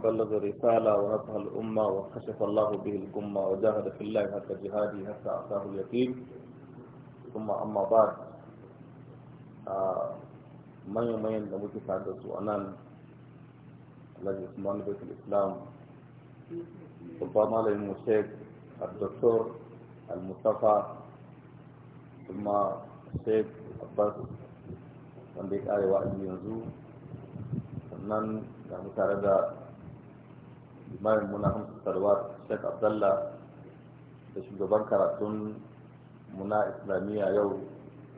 وبلغ الرسالة ونصح الأمة وكشف الله به الأمة وجاهد في الله حتى جهاده حتى أعطاه اليقين ثم أما بعد آه، من يومين لم يتحدث سؤالان الذي يسمون بيت الإسلام ربما للمشيخ الدكتور المصطفى ثم الشيخ عباس من ya آل wa'azi yanzu sannan ga tare da limamin muna hamsu salwa shek abdallah da shugaban karatun muna islamiyya yau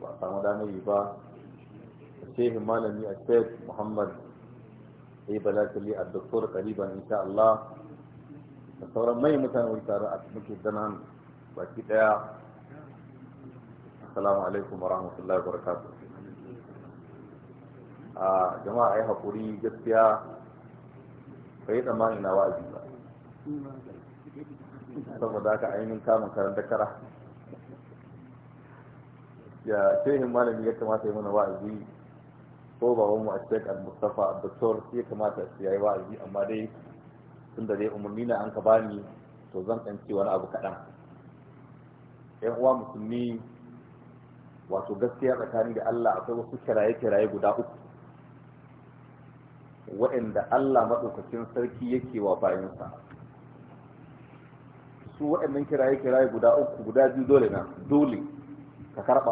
ba a samu damar yi ba da shehi malami a muhammad ya yi balakali a doktor kariban insha Allah da sauran mai mutane wani tare a muke zanen baki daya assalamu alaikum wa rahmatullahi wa barakatuh ah, a jama'a ya haƙuri gaskiya bai tsammanin na wa'azi ba saboda haka ainihin kamun karanta kara ya shehin malami ya kamata ya mana wa'azi ko baban wani al-mustafa doktor ya kamata ya yi wa'azi amma dai tun da dai umarni na an ka bani to zan ɗan ci wani abu kaɗan yan uwa musulmi wato gaskiya tsakani da allah akwai wasu kiraye-kiraye guda uku waɗanda Allah maɗaukakin sarki yake wa bayansa su waɗannan kiraye-kiraye guda uku guda biyu dole na dole ka karɓa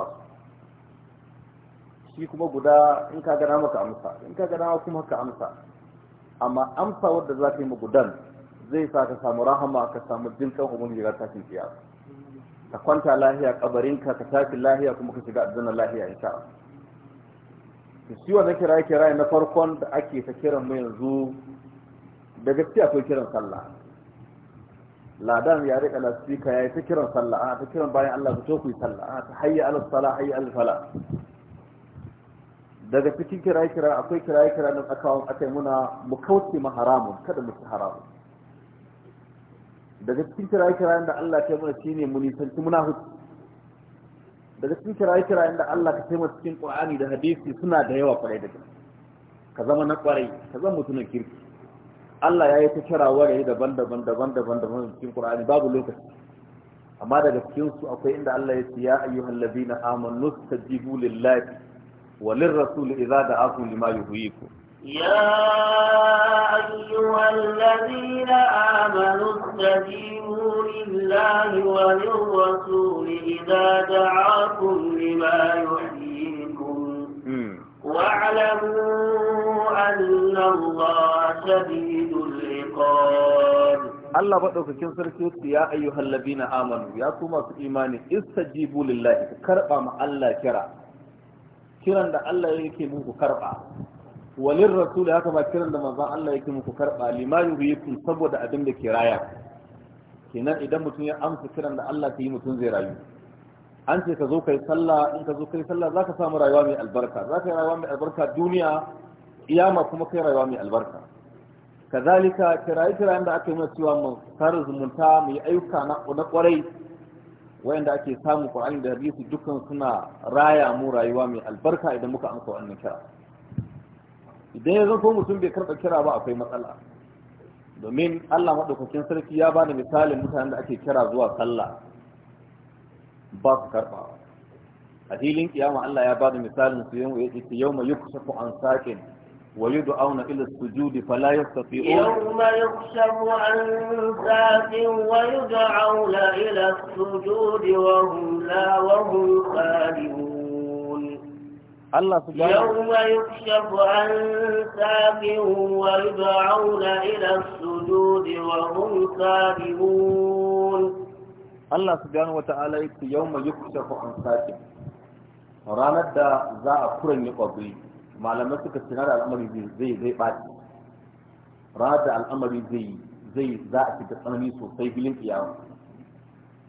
su shi kuma guda in ka gana maka amsa in ka gana kuma ka amsa amma amsa wadda za ka yi gudan zai sa ka samu rahama ka samu jinkan umarni da tafin kiyasa ka kwanta lahiya kabarinka ka tafi lahiya kuma ka shiga aljanna lahiya insha Allah to shi wannan kiraye kiraye na farkon da ake ta kiran mu yanzu da gaskiya akwai kiran sallah ladan ya rika la ya yi ta kiran sallah a ta kiran bayan Allah ku to ku yi sallah a ta hayya ala salah hayya ala salah daga cikin kira-kira akwai kira-kira na tsakawan akai muna mu kauce ma haramun kada mu ci haramun daga cikin kira kirayen da Allah ya mana shine mu nisanci munafici daga cikin kiraye-kirayen da Allah ka taimaka cikin Qur'ani da hadisi suna da yawa kwarai da gaske ka zama na kwarai ka zama mutumin kirki Allah ya yi ta kira da daban-daban daban-daban daban cikin Qur'ani babu lokaci amma daga cikin su akwai inda Allah ya ce ya ayyuhal ladina amanu tajibu lillahi wa lirrasul idza da'akum lima yuhyikum يا أيها الذين آمنوا استجيبوا لله وللرسول إذا دعاكم لما يحييكم واعلموا أن الله شديد العقاب Allah maɗaukakin sarki yake ya ayyuhal na amanu ya ku masu imani jibu, lillahi ku karɓa ma Allah kira kiran da Allah yake muku karɓa.' walin rasul haka ba kiran da manzon Allah yake muku karba liman yubikum saboda abin da ke kiraya kenan idan mutum ya amsa kiran da Allah ta yi mutum zai rayu an ce ka zo kai sallah in ka zo kai sallah zaka samu rayuwa mai albarka za ka yi rayuwa mai albarka duniya iyama kuma kai rayuwa mai albarka kazalika kirayi kirayen da aka yi mana cewa mu kare zumunta mu yi ayyuka na kwarai wayanda ake samu Qur'ani da hadisi dukkan suna raya mu rayuwa mai albarka idan muka amsa wannan kira idan yanzu ko mutum bai karɓa kira ba akwai matsala domin Allah maɗaukakin sarki ya bani misalin mutanen da ake kira zuwa sallah ba su karɓawa a filin kiyama Allah ya bada misalin su yau yake ce yau mai yukshafu an sakin wa yud'auna ila su sujudi fala yastati'un yawma yukshafu an sakin wa yud'auna ila sujudi wa hum la wa hum الله سبحانه يوم يكشف عن ساق ويدعون إلى السجود وهم سالمون الله سبحانه وتعالى يوم يكشف عن ساق ranar da za a kuran ya ƙwabri malamai suka ce da al'amari zai zai ɓaci ranar da al'amari zai zai za a shiga tsanani sosai bilin iyawa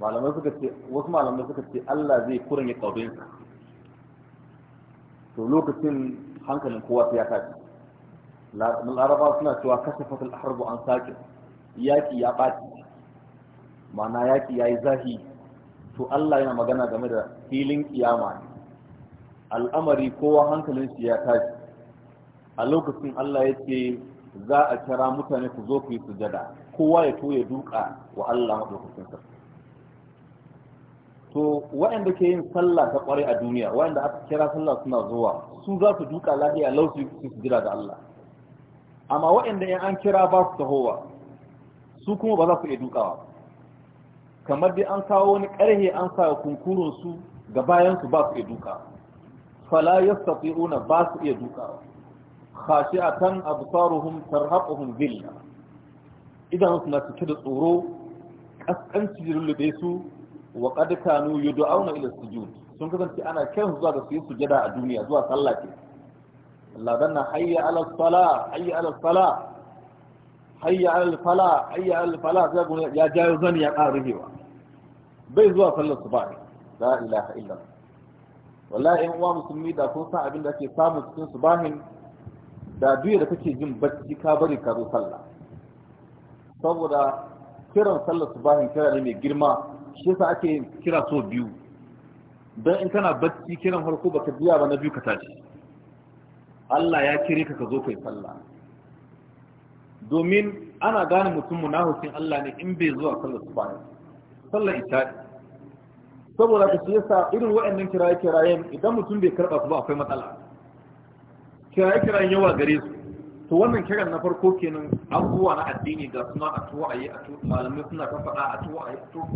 malamai suka ce wasu malamai suka ce Allah zai kuran ya ƙwabrinsa to lokacin hankalin kowa ya tashi laraba suna cewa kashafatul harbu an sake. yaki ya ɓaci mana yaki yayi zahi to Allah yana magana game da filin kiyama ne al'amari kowa hankalin shi ya tashi a lokacin Allah ya ce za a kira mutane ku zo ku yi sujada kowa ya to ya duka wa Allah maɗaukakin sarki to waɗanda ke yin sallah ta ƙware a duniya waɗanda aka kira sallah suna zuwa su za su duka lafiya lau su su jira da Allah amma waɗanda in an kira ba su tahowa su kuma ba za su iya dukawa kamar dai an kawo wani ƙarhe an sa kunkurun su ga bayan su ba su iya duka. fala yastati'una ba su iya dukawa khashi'atan absaruhum tarhaquhum zilla idan suna cike da tsoro kaskanci lullube su wa qad kanu yud'auna ila sujud sun kasance ana kiran zuwa ga su yi sujada a duniya zuwa sallah ce Allah danna hayya ala salah hayya ala salah hayya ala fala hayya ala fala sai gune ya jayo zan ya ƙara rufewa bai zuwa sallar subah la ilaha illa wallahi in uwa musulmi da kun san abin da ake samu cikin subahin da duniya da kake jin bacci ka bari ka zo sallah saboda kiran sallar subahin kira ne mai girma shi yasa ake kira so biyu don in kana bacci kiran harko ba ka biya ba na biyu ka tashi Allah ya kire ka ka zo kai sallah domin ana gane mutum munafikin Allah ne in bai zuwa sallar subha sallar ita saboda ka shi yasa irin wa'annan kiraye kirayen idan mutum bai karɓa su ba akwai matsala kiraye kirayen yawa gare su to wannan kiran na farko kenan abubuwa na addini ga suna a tuwa a yi a tuwa malamai suna kan faɗa a tuwa a yi a tuwa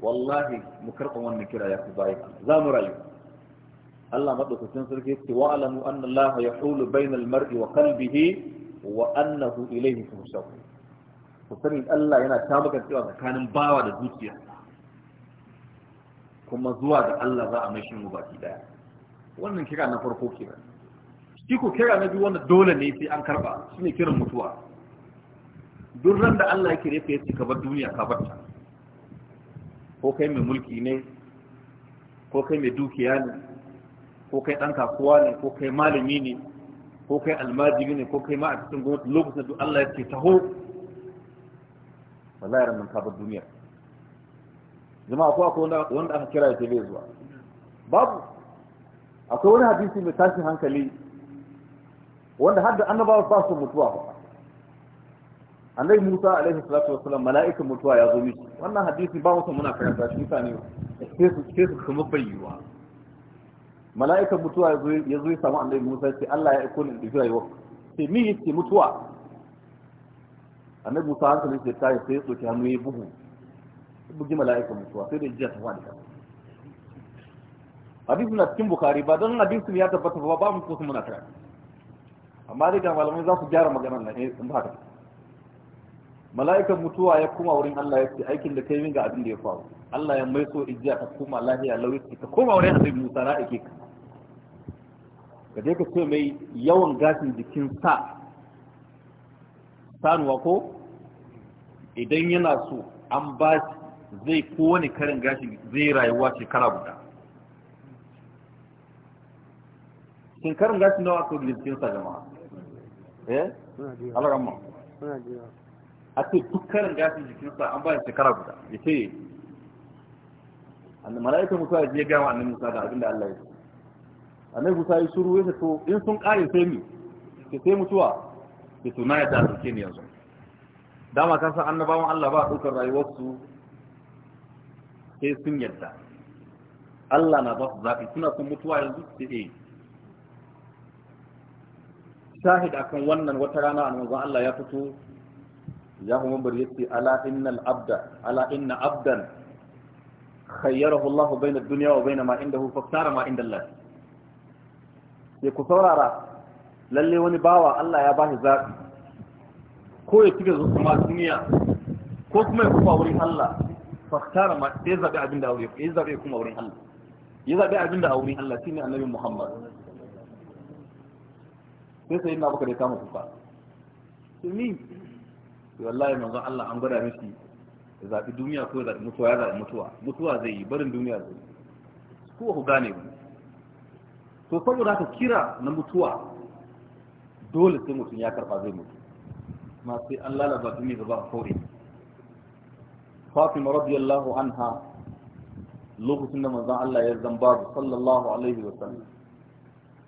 wallahi mu karɓa wannan kira ya fi bayan za mu rayu Allah maɗaukacin sarki ce wa alamu An Allah ya hulu bainal mar'i wa qalbihi wa annahu ilayhi tushaw ku sani Allah yana tabbata cewa tsakanin bawa da zuciya kuma zuwa ga Allah za a mai shi mu baki daya wannan kira na farko kenan shi ku kira na biyu wanda dole ne sai an karba shine kiran mutuwa duk ran da Allah ya kire ka ya ka bar duniya ka bar ta ko kai mai mulki ne ko kai mai dukiya ne ko kai ɗan kasuwa ne ko kai malami ne ko kai almajiri ne ko kai ma a cikin gwamnati lokacin da Allah ya ce taho wallahi ran ka ba duniya jama'a ko akwai wanda aka kira ya ce bai zuwa babu akwai wani hadisi mai tashin hankali wanda har da annabawa ba su mutuwa ba annabi Musa alaihi salatu wasallam mala'ikan mutuwa ya zo miki wannan hadisi ba wasu muna karanta shi mutane sai su kuma bayyuwa mala'ika mutuwa ya zo ya samu annabi musa ce allah ya iko ni da zuwa yau sai mi yake mutuwa annabi musa hankali sai ta sai ya tsoki hannu ya bugu bugi mala'ika mutuwa sai da jiya ta ka hadisi na cikin bukari ba don hadisi ya tabbata ba ba mu kusa muna karanta amma dai ga malamai za su gyara maganar nan eh, in ba haka mala'ikan mutuwa ya koma wurin Allah ya ce aikin da kai min ga abin da ya faru Allah ya mai so ijiya ta koma lahiya su ta koma wurin Annabi Musa na ake ka ka je ka ce mai yawan gashin jikin sa sanuwa ko idan yana so an ba zai ko wani karin gashi zai rayuwa shekara guda shin karin gashi nawa ko jikin sa jama'a eh Allah rahma a ce dukkanin gashin jikinsa an bayan shekara guda ya ce annabi mala'ika musa ya je gama annabi musa da abinda Allah ya ce annabi musa ya shiru ya to in sun kare sai mu ke sai mutuwa ke tuna na ya da ke ni yanzu dama kan san annabawan Allah ba dukkan rayuwarsu sai sun yadda Allah na ba su zafi suna son mutuwa yanzu sai eh shahid akan wannan wata rana annabi Allah ya fito ya kuma bar yace ala innal abda ala inna abdan khayyarahu Allah bayna ad-dunya wa bayna ma indahu faktara ma inda Allah sai ku saurara lalle wani bawa Allah ya bashi zabi ko ya tuka zuwa duniya ko kuma ya kufa wurin Allah faktara ma sai zabi abinda aure ya zabi kuma wurin Allah ya zabi abinda aure Allah shine annabi Muhammad sai sai na baka da kama kuka to wallahi manzon Allah an gwada miki zaɓi duniya ko zaɓi mutuwa ya zabi mutuwa mutuwa zai yi barin duniya zai yi ko ku gane ba to saboda haka kira na mutuwa dole sai mutum ya karɓa zai mutu ma sai an lalaba duniya gaba a kore Fatima radiyallahu anha lokacin da manzon Allah ya zan babu sallallahu alaihi wa sallam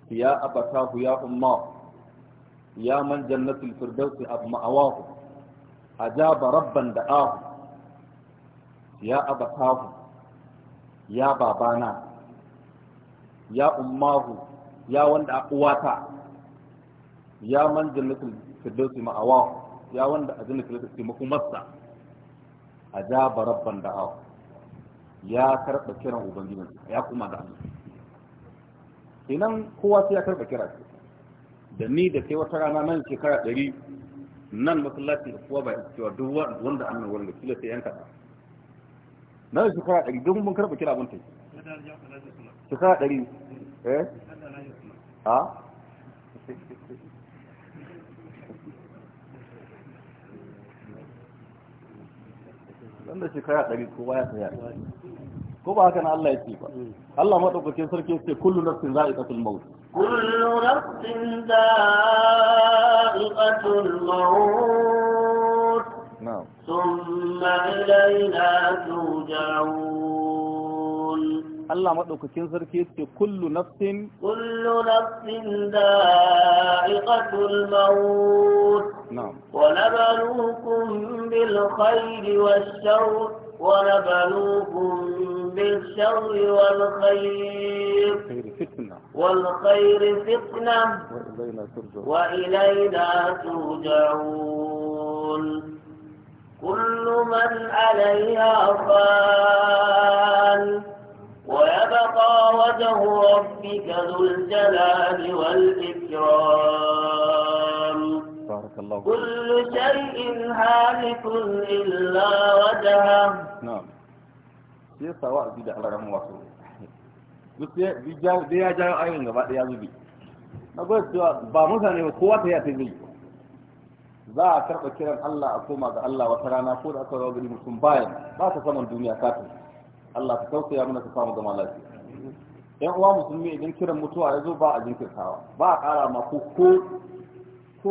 ya abatahu ya umma ya man jannatul firdausi ab ma'awahu ajaba rabban da ahu ya abatahu ya babana ya ummahu ya wanda uwata ya man jannatul firdausi ma'awahu ya wanda a jannatul firdausi makumarsa ajaba rabban da ahu ya karɓa kiran ubangijin ya kuma da Allah kowa sai ya karɓa kira da ni da kai wata rana nan shekara ɗari nan masallacin da kuwa ba cewa duk wanda annan wurin da kila sai yan kaɗa na da shekara ɗari don mun karɓa kira mun tafi shekara ɗari eh a wanda shekara ɗari kowa ya tsaya ko ba haka na Allah yake ba Allah madaukakin sarki yake kullu nafsin za'iqatul maut kullu nafsin za'iqatul maut na'am thumma ilayna turja'un Allah madaukakin sarki yake kullu nafsin kullu nafsin za'iqatul maut na'am wa nabluukum bil khayri wash-sharri ونبلوكم بالشر والخير فتنة والخير فتنة وإلينا ترجعون, وإلينا ترجعون كل من عليها فان ويبقى وجه ربك ذو الجلال والإكرام بارك الله كل شيء هالك إلا وجهه نعم sai ya sawa abi da alaran wasu duk da ya jawo ayoyin gaba ɗaya zubi na gwai cewa ba mutane ba kowa ta yi zai za a karɓa kiran Allah a koma ga Allah wata rana ko da aka rawa gari mutum bayan ba ta saman duniya kafin Allah ta tausaya muna ta samu gama lafiya yan uwa musulmi idan kiran mutuwa ya zo ba a jinkirtawa ba a ƙara ma ko ko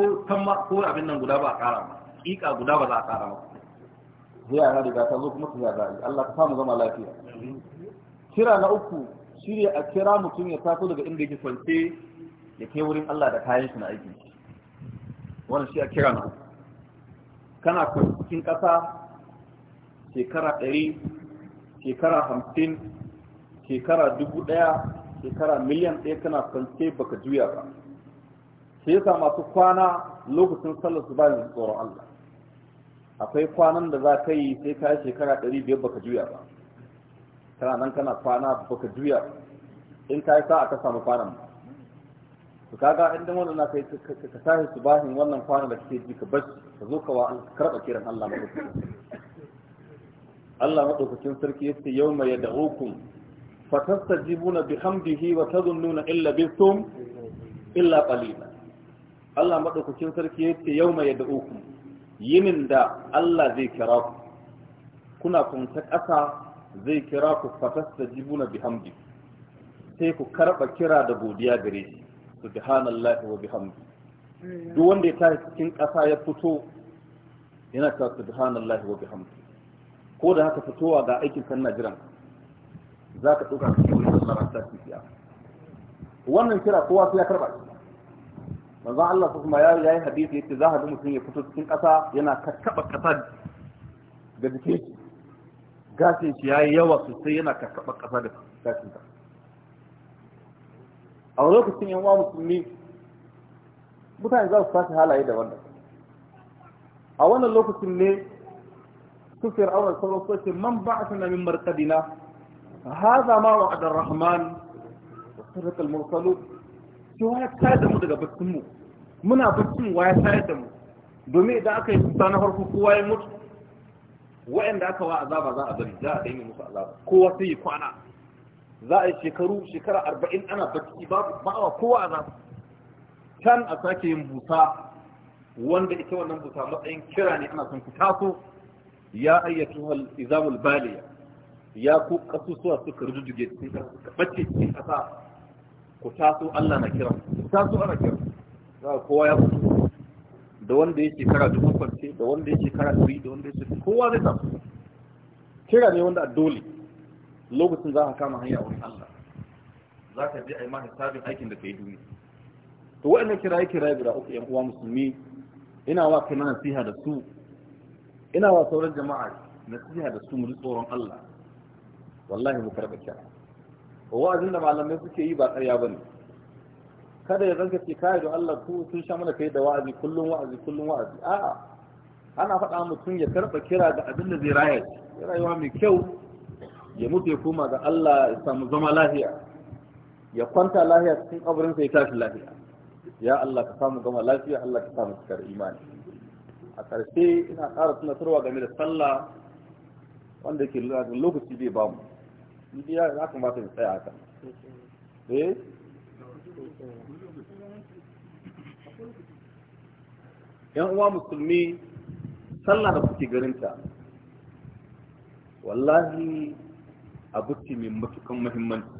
ko abin nan guda ba a ƙara ma ƙiƙa guda ba za a ƙara ma ziyara riga ta zo kuma su yi Allah ka samu zama lafiya kira na uku shirya a kira mutum ya taso daga inda yake kwance ya kai wurin Allah da kayan shi na aiki wannan shi a kira na kana cikin ƙasa shekara ɗari shekara hamsin shekara dubu ɗaya shekara miliyan ɗaya kana kwance baka juya ba sai yasa masu kwana lokacin sallar su bayan tsoron Allah akwai kwanan da za ka yi sai ka shekara 500 baka juya ba kana nan kana kwana baka juya in ka yi sa'a ka samu kwanan ba to kaga in dan wannan kai ka sahi hin wannan kwanan da kake ji ka bar ka zo ka wa an karba kiran Allah madaukakin Allah madaukakin sarki yace yawma yad'ukum fatastajibuna bihamdihi wa tadhunnuna illa bikum illa qalila Allah madaukakin sarki yace yawma yad'ukum yinin da Allah zai kira ku kuna kunta ƙasa zai kira ku fatasta jibuna bihamdi sai ku karɓa kira da godiya gare shi subhanallahi wa bihamdi mm. duk wanda ya tashi cikin ƙasa ya fito yana ta subhanallahi wa bihamdi ko da haka fitowa ga aikin kan jiran za ka ɗauka ka cikin wannan kira kowa sai ya karɓa shi manzon Allah su kuma ya yi hadisi yace za hadu mutum ya fito cikin ƙasa yana kakkaba ƙasa da jikin shi gashin shi yayi yawa sosai yana kakkaba ƙasa da gashin ta a lokacin yan uwa musulmi mutane za su tashi halaye da wannan a wannan lokacin ne su fir'auna sauran sosai, ce man ba'athana min marqadina haza ma wa'ada rahman wa sadaqa al sai waya tayar da mu daga baccin mu muna baccin ya tayar da mu domin idan aka yi kusa na harkar kowa ya mutu wa'anda aka wa azaba za a bari za a daina musu azaba kowa sai ya kwana za a yi shekaru shekara arba'in ana bacci ba wa kowa a azaba can a sake yin busa wanda ita wannan busa matsayin kira ne ana son ku taso ya ayyatu hal izamul baliya ya ku kasusuwa suka rujujuge cikin kasa suka bacce cikin kasa ku taso Allah na kiran ku taso ana kiran za kowa ya fito da wanda yake kara dubu kwance da wanda yake kara ɗari da wanda yake kowa zai taso kira ne wanda a dole lokacin za ka kama hanya wani Allah za ka je a yi ma hisabin aikin da ka yi duniya to waɗannan kiraye kiraye guda uku ƴan uwa musulmi ina wa kai nasiha da su ina wa sauran jama'a nasiha da su mu tsoron Allah wallahi mu karɓa kira wa'azin da malamai suke yi ba ƙarya bane kada ya zanka ce kai da Allah ku sun sha mana kai da wa'azi kullum wa'azi kullum wa'azi a'a ana faɗa mutum ya karɓa kira ga abin da zai raya ya rayuwa mai kyau ya mutu ya koma ga Allah ya samu zama lafiya ya kwanta lafiya cikin kabarin sai tashi lafiya ya Allah ka samu gama lafiya Allah ka samu cikar imani a ƙarshe ina ƙara tunatarwa game da sallah wanda ke lokaci zai bamu ni ya na kamata tsaya haka eh yan uwa musulmi sallah da kuke garinta wallahi abu ce mai matukan muhimmanci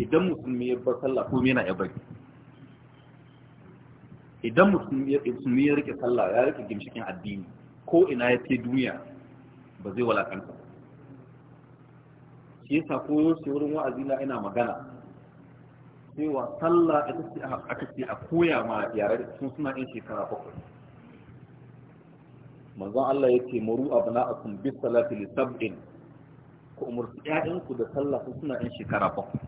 idan musulmi ya bar sallah ko yana ya bari idan musulmi ya rike sallah ya rike gimshikin addini ko ina ya ce duniya ba zai walakanta shi yasa ko yaushe wurin wa'azi na ina magana cewa sallah ita ce aka ce a koya ma yare sun suna yin shekara bakwai manzon Allah yake muru abna'akum bis salati li sab'in ku umurci ƴaƴanku da sallah sun suna yin shekara bakwai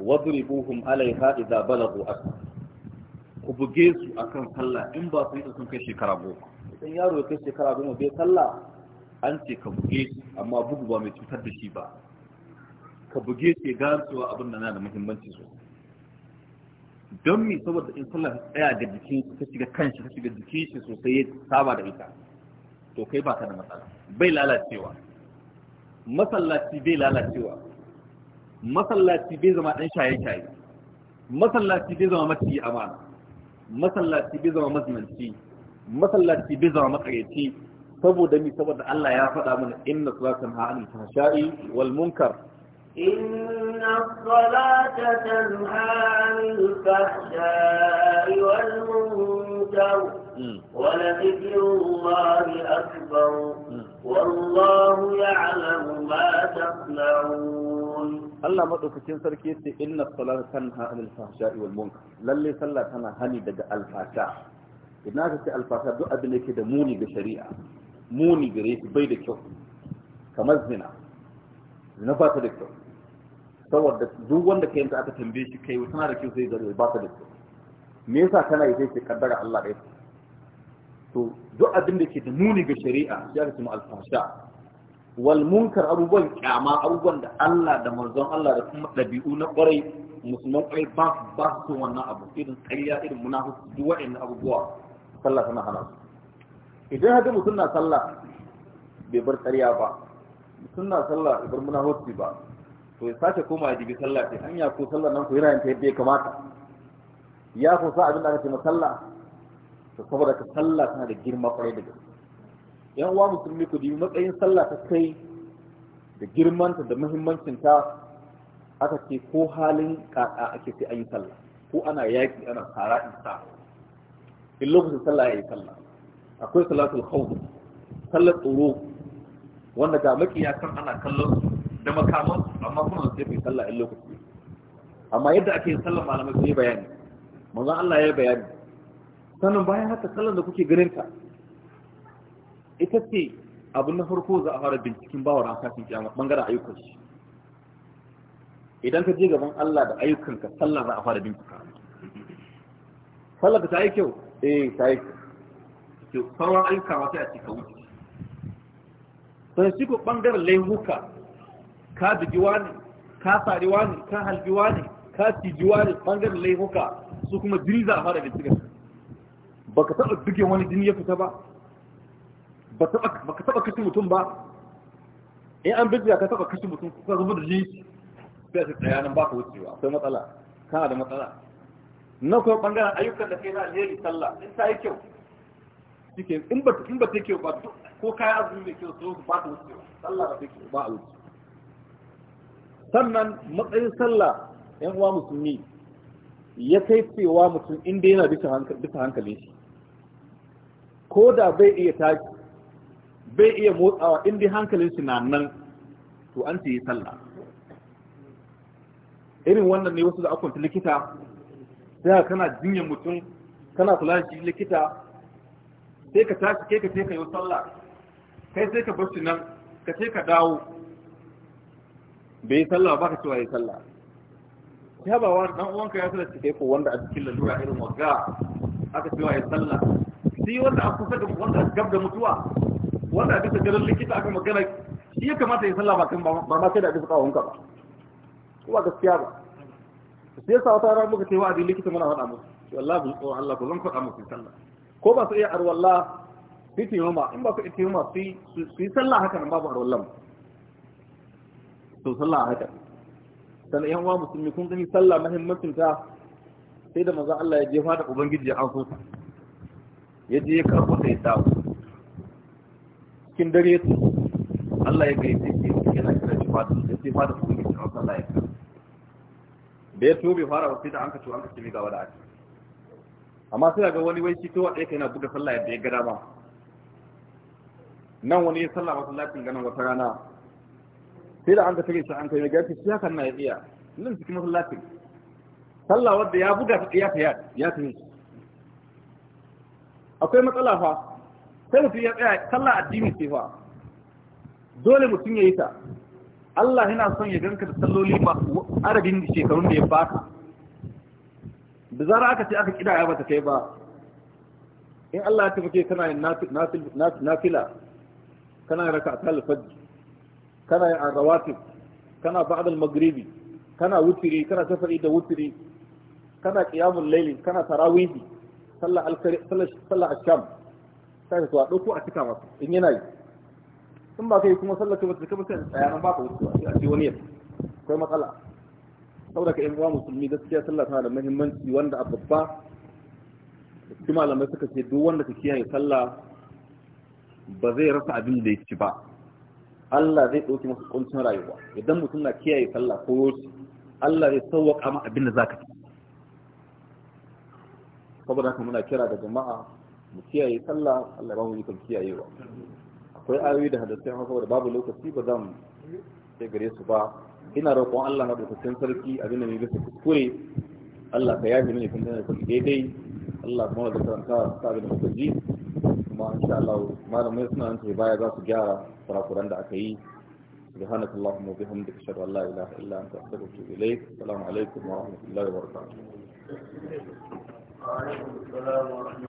wadribuhum alaiha idza balagu asr ku buge su akan sallah in ba su yi sun kai shekara goma idan yaro ya kai shekara goma bai sallah an ce ka buge shi amma bugu ba mai cutar da shi ba ka buge shi gano cewa abin nan na da muhimmanci sosai don mi saboda in sallah tsaya da jikin shi ta shiga kanshi ta shiga jikin shi sosai ya saba da ita to kai baka da matsala bai lalacewa masallaci bai lalacewa masallaci bai zama dan shaye-shaye masallaci bai zama maciyi amana masallaci bai zama mazinanci masallaci bai zama makareci saboda mi saboda Allah ya faɗa mana inna salatan ha'anil fahsha'i wal munkar إن الصلاة تنهى عن الفحشاء والمنكر ولذكر الله أكبر والله يعلم ما تصنعون Allah madaukakin sarki yace inna salata tanha anil fahsha'i wal munkar lalle sallah tana hani daga alfasha idan aka ce alfasha duk abin da yake da muni ga shari'a muni gare shi bai da kyau kamar zina zina ba ta da kyau saboda duk wanda ka yanka aka tambaye shi kai tana da kyau sai zai ba ta da kyau me yasa kana yi sai ce kaddara Allah ɗaya to duk abin da ke da muni ga shari'a ya kace mu alfasha wal munkar abubuwan kyama abubuwan da Allah da manzon Allah da kuma ɗabi'u na ƙwarai musulman ƙwarai ba su ba su wannan abu irin ƙarya irin munafiki duk waɗannan abubuwa sallah tana hana su idan haka mutum na sallah bai bar tsariya ba suna sallah ibar muna hosti ba to ya sace koma ya dibi sallah ce, hanya ko sallah nan ko yana ta yadda ya kamata ya ko sa abin da aka ce na sallah to saboda ka sallah tana da girma kwarai da gaske yan uwa musulmi ku dibi matsayin sallah ta kai da girmanta da muhimmancinta aka ce ko halin kaka ake sai an yi sallah ko ana yaƙi ana tsara in sa in lokacin sallah ya yi sallah akwai salatul khawf sallar tsoro wanda ga makiya kan ana kallon su da makaman amma kuma sai bai sallah in lokaci amma yadda ake yin sallar malamai sai bayani manzon Allah ya bayani sannan bayan haka sallan da kuke ganin ta ita ce abin na farko za a fara binciken bawar an kafin kiyama bangaren ayyukan shi idan ka je gaban Allah da ayyukanka sallar za a fara bincika sallan ka ta yi kyau eh ta yi kyau sauran ayyuka ma sai a ce ka wuce don shi ko bangar laihuka ka bugi wani ka sari ka halbi ka ciji wani ɓangaren laihuka su kuma jini za a fara bincika ba ka taɓa duke wani jini ya fita ba ba ka taɓa kashe mutum ba in an bijiya ka taɓa kashe mutum kuka zuba da jini sai a tsaya nan ba ka wucewa akwai matsala kana da matsala na kuma bangaren ayyukan da ke na alheri sallah in ta yi kyau in ba in ba take ba ko azumi kyau so ba ta wuce sallah ba take ba sannan matsayin sallah yan uwa musulmi ya kai cewa mutum inda yana bisa hankalin shi ko da bai iya tashi bai iya motsawa inda hankalin shi na nan to an ce yi sallah irin wannan ne wasu da akwanta likita sai kana jinyar mutum kana kula shi likita sai ka tashi kai ka sai ka yi sallah kai sai ka barci nan ka sai ka dawo bai yi sallah ba ka cewa yi sallah ya ba wa dan uwanka ya sallah kai ko wanda a cikin lalura irin wagga aka cewa yi sallah shi wanda a kusa da wanda a gab da mutuwa wanda a bisa garin likita aka magana shi ya kamata ya sallah ba kan ba ma sai da bisa kawon ba kuma gaskiya ba sai sa wata rana muka ce wa adin likita muna faɗa musu wallahi bin tsohon Allah ba zan faɗa musu sallah ko ba su iya arwalla su taimama in ba su iya taimama su yi sallah haka nan babu arwallan to sallah haka sannan yan uwa musulmi kun gani sallah muhimmancin ta sai da maza Allah ya jefa da ubangiji an so ta ya je ya karɓo ta ya dawo cikin dare su Allah ya gaibe ke yana kira shi fatan da sai fatan ubangiji an sallah ya karɓo da ya tuwo bai fara wasu sai da an ka ciwo an ka ce mai gaba da ake amma sai ga wani wai shi to wanda yake yana buga sallah yadda ya ga dama nan wani ya sallah lafin ganin wata rana sai da an ka tare shi an kai gafi shi hakan na iya nan cikin lafin. sallah wanda ya buga ta ya tayar ya tayar akwai matsala fa sai mutum ya tsaya sallah addini ce fa dole mutum ya yi ta Allah yana son ya ganka da salloli ba adadin shekarun da ya baka da zara aka ce aka kidaya bata kai ba in Allah ya tafi kana yin nafila kana yin raka'at al-fajr kana yin rawatib kana ba'd al-maghribi kana wutiri kana safari da wutiri kana qiyamul layli kana tarawihi sallah al-kari sallah al-sham sai ka dauko a cika masa in yana yi in ba kai kuma sallar ka ba ta kaba sai tsaya an ba ka wucewa sai a ce wani ya kai matsala saboda ka yan uwa musulmi gaskiya sallah tana da muhimmanci wanda a babba su malamai suka ce duk wanda ka kiyaye sallah ba zai rasa abin da ya ci ba Allah zai ɗauki masa kuncin rayuwa idan mutum na kiyaye sallah ko yoshi Allah zai sauwaƙa ma abin da za ka ci saboda haka muna kira da jama'a mu kiyaye sallah Allah ba mu yi kan kiyayewa akwai ayoyi da hadisai amma da babu lokaci ba za mu sai gare su ba ina roƙon Allah madaukakin sarki a da ne bisa kuskure Allah ka yafe mini kun da daidai Allah kuma da karanta ta abin da kuka ji kuma insha Allah malamai suna nan sai baya za su gyara kurakuran da aka yi سبحانك اللهم وبحمدك اشهد ان لا اله الا انت استغفرك اليك السلام عليكم ورحمه الله وبركاته